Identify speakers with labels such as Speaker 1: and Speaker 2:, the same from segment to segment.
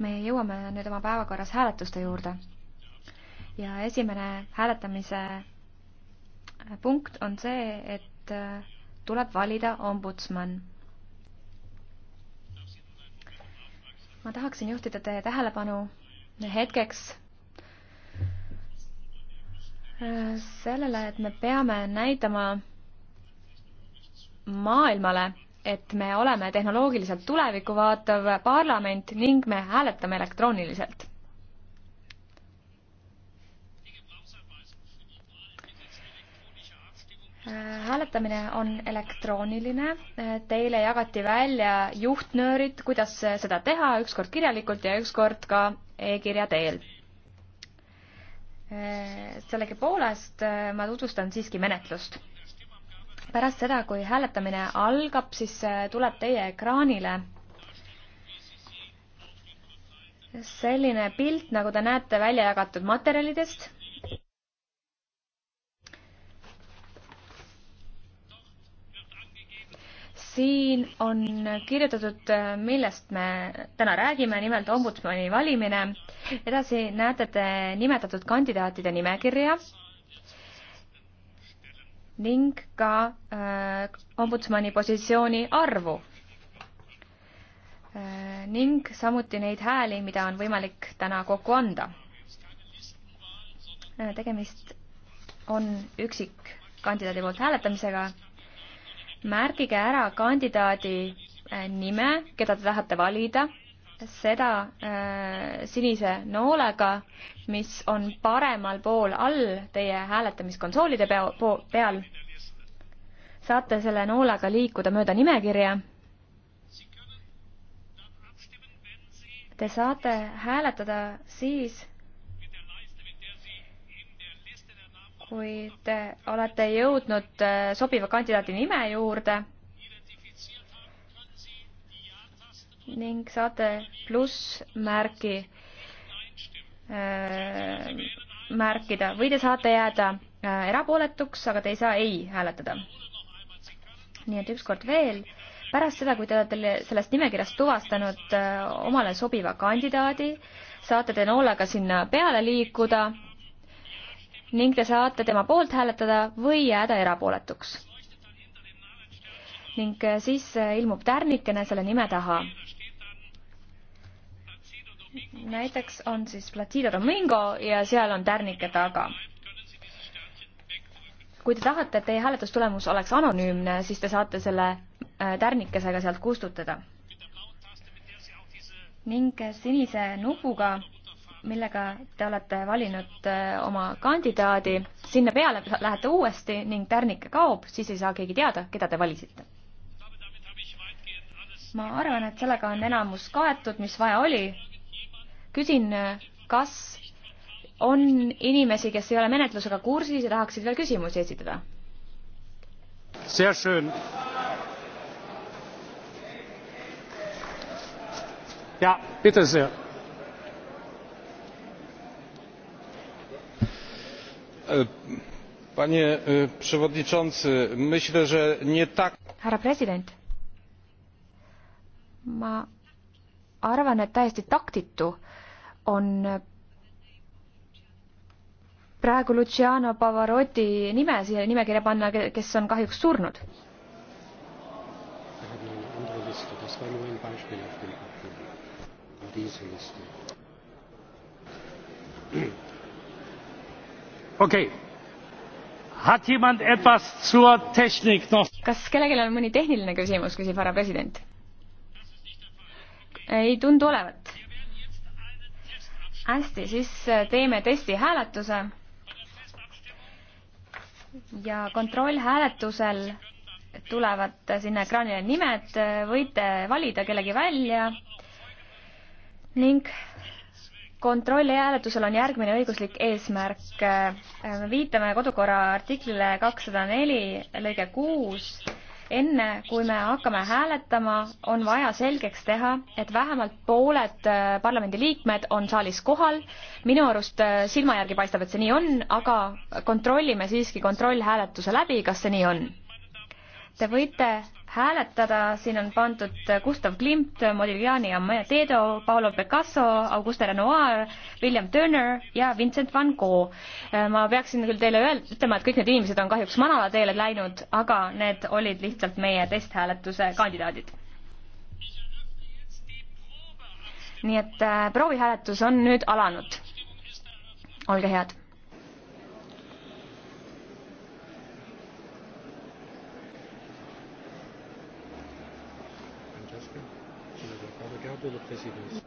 Speaker 1: me jõuame nüüd oma päevakorras hääletuste juurde. ja esimene hääletamise punkt on see, et äh, tuleb valida ombudsman. ma tahaksin juhtida teie tähelepanu hetkeks äh, sellele, et me peame näitama maailmale, et me oleme tehnoloogiliselt tulevikku vaatav parlament ning me hääletame elektrooniliselt. hääletamine on elektrooniline, teile jagati välja juhtnöörid, kuidas seda teha, ükskord kirjalikult ja ükskord ka e-kirja teel. sellegipoolest ma tutvustan siiski menetlust pärast seda, kui hääletamine algab, siis äh, tuleb teie ekraanile selline pilt, nagu te näete välja jagatud materjalidest. siin on kirjutatud, äh, millest me täna räägime, nimelt ombudsmani valimine. edasi näete te nimetatud kandidaatide nimekirja ning ka äh, ombudsmani positsiooni arvu äh, ning samuti neid hääli, mida on võimalik täna kokku anda äh,. tegemist on üksikkandidaadi poolt hääletamisega. märgige ära kandidaadi äh, nime, keda te tahate valida seda äh, sinise noolega, mis on paremal pool all teie hääletamiskonsoolide pea, po, peal. saate selle noolega liikuda mööda nimekirja. Te saate hääletada siis, kui te olete jõudnud äh, sobiva kandidaadi nime juurde ning saate plussmärgi äh, märkida või te saate jääda äh, erapooletuks, aga te ei saa ei hääletada. nii et ükskord veel, pärast seda, kui te olete sellest nimekirjast tuvastanud äh, omale sobiva kandidaadi, saate te noolega sinna peale liikuda ning te saate tema poolt hääletada või jääda erapooletuks ning äh, siis äh, ilmub tärnikene selle nime taha näiteks on siis Placido Domingo ja seal on tärnike taga. kui te tahate, et teie hääletustulemus oleks anonüümne, siis te saate selle äh, tärnikesega sealt kustutada. ning sinise nupuga, millega te olete valinud äh, oma kandidaadi, sinna peale lähete uuesti ning tärnike kaob, siis ei saa keegi teada, keda te valisite ma arvan, et sellega on enamus kaetud, mis vaja oli küsin, kas on inimesi, kes ei ole menetlusega kursis ja tahaksid veel küsimusi esitada?
Speaker 2: Ja, bitte sehr. E, panie e, przewodniczący myślę że nie tak
Speaker 1: härra president ma arvan et täiesti taktitu on praegu Luciano Pavarotti nime siia nimekirja panna, kes on kahjuks surnud.
Speaker 2: okei okay., hat jemand etwas zur Technik noch?
Speaker 1: kas kellelgi on mõni tehniline küsimus, küsib härra president. ei tundu olevat hästi, siis äh, teeme testi hääletuse. ja kontrollhääletusel tulevad sinna ekraanile nimed, võite valida kellegi välja ning kontrolli hääletusel on järgmine õiguslik eesmärk. Äh, viitame kodukorra artiklile kakssada neli lõige kuus enne kui me hakkame hääletama, on vaja selgeks teha, et vähemalt pooled äh, parlamendiliikmed on saalis kohal. minu arust äh, silma järgi paistab, et see nii on, aga kontrollime siiski kontrollhääletuse läbi, kas see nii on Te võite hääletada, siin on pandud Gustav Klimt, Modigliani Amededo, Paolo Picasso, Auguste Renoir, William Turner ja Vincent van Gogh. Äh, ma peaksin küll teile öel-, ütlema, et kõik need inimesed on kahjuks manalateele läinud, aga need olid lihtsalt meie testhääletuse kandidaadid. nii et äh, proovihääletus on nüüd alanud. olge head Presidents.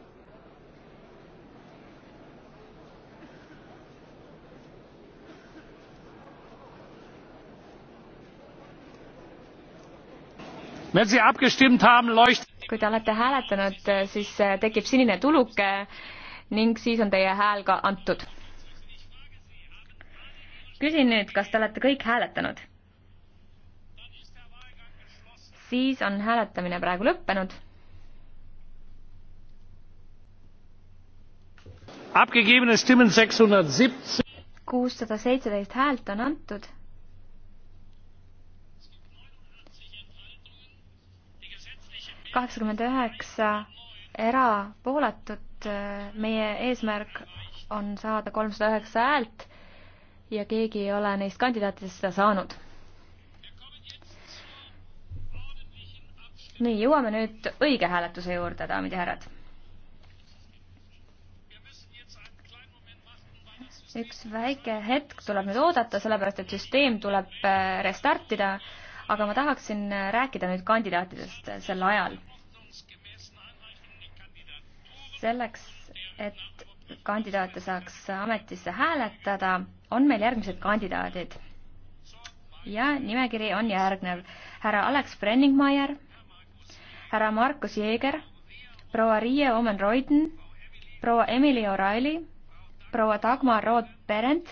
Speaker 1: kui te olete hääletanud, siis äh, tekib sinine tuluke ning siis on teie hääl ka antud. küsin nüüd, kas te olete kõik hääletanud? siis on hääletamine praegu lõppenud
Speaker 2: abgegebene Stimmen 617.
Speaker 1: kuussada seitseteist häält on antud. kaheksakümmend üheksa erapooletut. meie eesmärk on saada kolmsada üheksa häält ja keegi ei ole neist kandidaatidest seda saanud. nii, jõuame nüüd õige hääletuse juurde, daamid ja härrad üks väike hetk tuleb nüüd oodata, sellepärast et süsteem tuleb äh, restartida, aga ma tahaksin äh, rääkida nüüd kandidaatidest äh, sel ajal. selleks, et kandidaate saaks ametisse hääletada, on meil järgmised kandidaadid. ja nimekiri on järgnev. härra Alex Brenningmeier, härra Markus Jeeger, proua Riie Omen-Roiden, proua Emily O'Reilly proua Dagmar Rood-Perent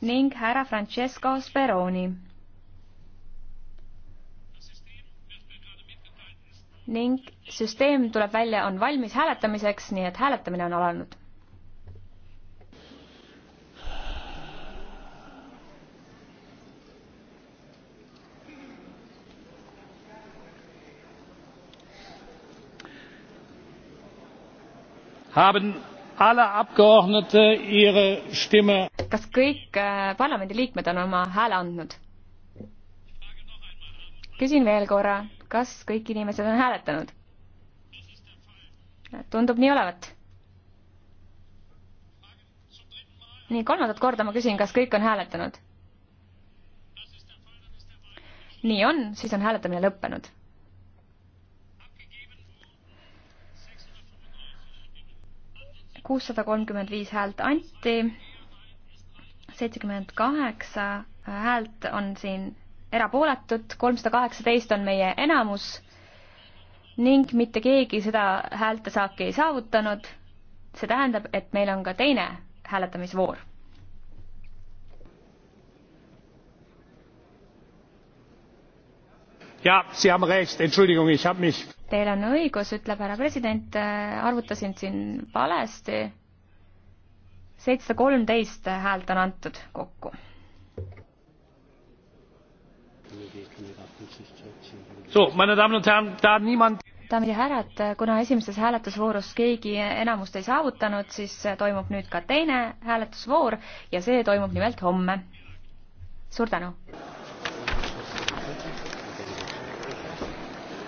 Speaker 1: ning härra Francesco Speroni. ning süsteem tuleb välja, on valmis hääletamiseks, nii et hääletamine on alanud. haben kas kõik äh, parlamendiliikmed on oma hääle andnud? küsin veel korra, kas kõik inimesed on hääletanud? tundub nii olevat. nii, kolmandat korda ma küsin, kas kõik on hääletanud? nii on, siis on hääletamine lõppenud kuussada kolmkümmend viis häält anti, seitsekümmend kaheksa häält on siin erapooletut, kolmsada kaheksateist on meie enamus ning mitte keegi seda häältesaaki ei saavutanud. see tähendab, et meil on ka teine hääletamisvoor
Speaker 2: ja sie haben recht entschuldigung ich habe mich.
Speaker 1: Teil on õigus, ütleb härra president, äh, arvutasin siin valesti. seitsesada kolmteist häält on antud kokku. daamid ja härrad, kuna esimeses hääletusvoorus keegi enamust ei saavutanud, siis toimub nüüd ka teine hääletusvoor ja see toimub nimelt homme. suur tänu!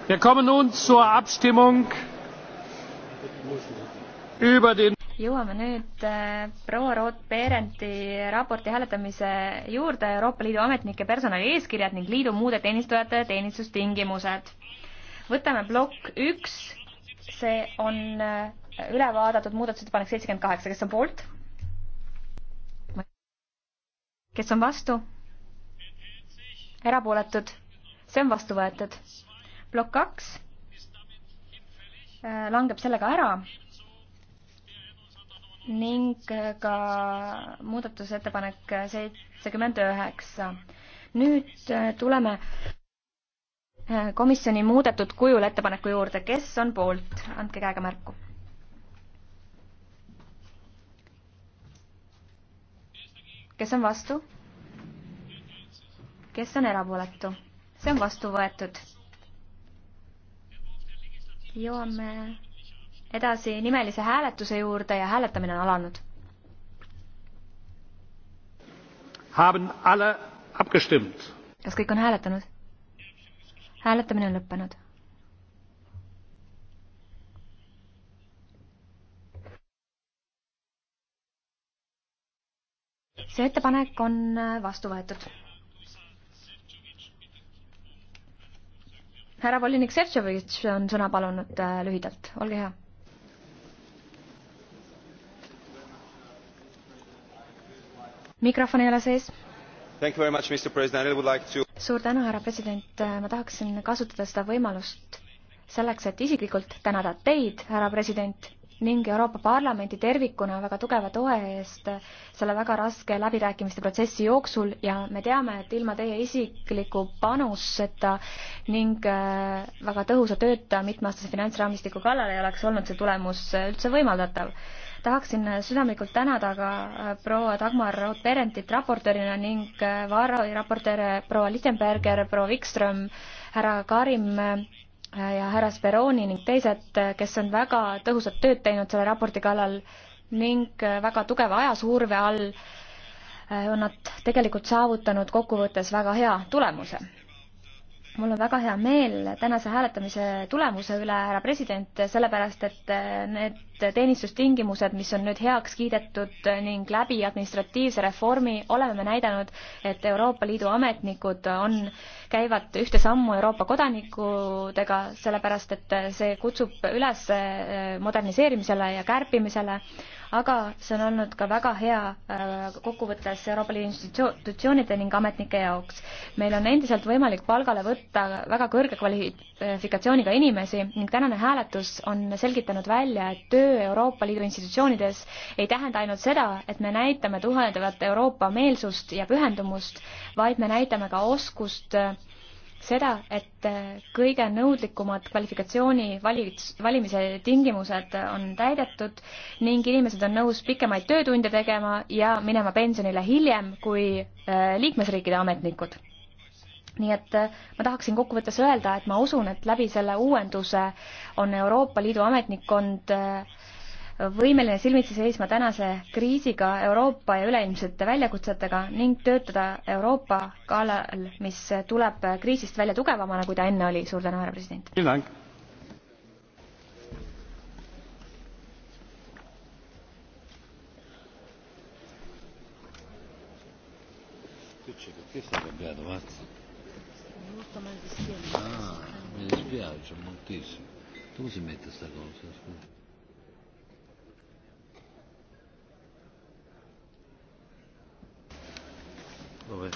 Speaker 2: wir kommen nun zur abstimmung über den
Speaker 1: jõuame nüüd äh, proua Roth-Berenti raporti hääletamise juurde Euroopa Liidu ametnike personali eeskirjad ning liidu muude teenistujate teenistustingimused. võtame plokk üks, see on äh, üle vaadatud muudatusettepanek seitsekümmend kaheksa, kes on poolt? kes on vastu? erapooletud? see on vastu võetud plokk kaks äh, langeb sellega ära ning äh, ka muudatusettepanek seitsekümmend üheksa. nüüd äh, tuleme komisjoni muudetud kujul ettepaneku juurde, kes on poolt, andke käega märku. kes on vastu? kes on erapooletu? see on vastu võetud jõuame edasi nimelise hääletuse juurde ja hääletamine on alanud. kas kõik on hääletanud? hääletamine on lõppenud. see ettepanek on vastu võetud. härra volinik Šefčovitš on sõna palunud äh, lühidalt, olge hea. mikrofon ei ole sees. Like to... suur tänu, härra president, äh, ma tahaksin kasutada seda võimalust selleks, et isiklikult tänada teid, härra president, ning Euroopa Parlamenti tervikuna väga tugeva toe eest selle väga raske läbirääkimiste protsessi jooksul ja me teame, et ilma teie isikliku panuseta ning äh, väga tõhusa tööta mitmeaastase finantsraamistiku kallal ei oleks olnud see tulemus üldse võimaldatav tahaksin südamlikult tänada ka äh, proua Dagmar Raud-Perentit raportöörina ning äh, vararaportööre proua Littenberger, proua Wikström, härra Karim Äh, ja härra Speroni ning teised, äh, kes on väga tõhusat tööd teinud selle raporti kallal ning äh, väga tugeva ajasurve all on nad tegelikult saavutanud kokkuvõttes väga hea tulemuse. mul on väga hea meel tänase hääletamise tulemuse üle, härra president, sellepärast et need teenistustingimused, mis on nüüd heaks kiidetud ning läbi administratiivse reformi oleme me näidanud, et Euroopa Liidu ametnikud on, käivad ühte sammu Euroopa kodanikudega, sellepärast et see kutsub üles eh, moderniseerimisele ja kärpimisele, aga see on olnud ka väga hea eh, kokkuvõttes Euroopa Liidu institutsioonide ning ametnike jaoks. meil on endiselt võimalik palgale võtta väga kõrge kvalifikatsiooniga inimesi ning tänane hääletus on selgitanud välja, et töö töö Euroopa Liidu institutsioonides ei tähenda ainult seda, et me näitame tuhandevat Euroopa meelsust ja pühendumust, vaid me näitame ka oskust äh, seda, et äh, kõige nõudlikumad kvalifikatsiooni valits-, valimise tingimused on täidetud ning inimesed on nõus pikemaid töötunde tegema ja minema pensionile hiljem kui äh, liikmesriikide ametnikud nii et äh, ma tahaksin kokkuvõttes öelda, et ma usun, et läbi selle uuenduse on Euroopa Liidu ametnikkond äh, võimeline silmitsi seisma tänase kriisiga, Euroopa ja üleilmsete väljakutsetega ning töötada Euroopa kallal, mis tuleb äh, kriisist välja tugevamana, kui ta enne oli. suur tänu, härra president!
Speaker 2: Köszönöm, Gerd Vácz
Speaker 1: fatto mal di schiena. Ah,
Speaker 2: mi dispiace moltissimo. Dove si mette sta cosa? Scusa. Dov'è?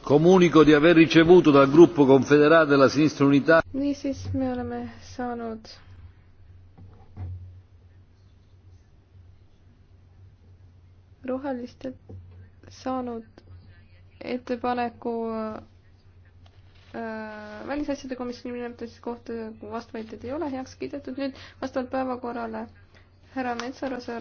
Speaker 2: Comunico di aver ricevuto dal gruppo confederato della sinistra unitaria. Niisiis, me oleme saanud rohelistelt saanud ettepaneku äh, välisasjade komisjoni nimetamise kohta vastuvõtjaid ei ole heaks kiidetud. nüüd vastavalt päevakorrale härra Metsarase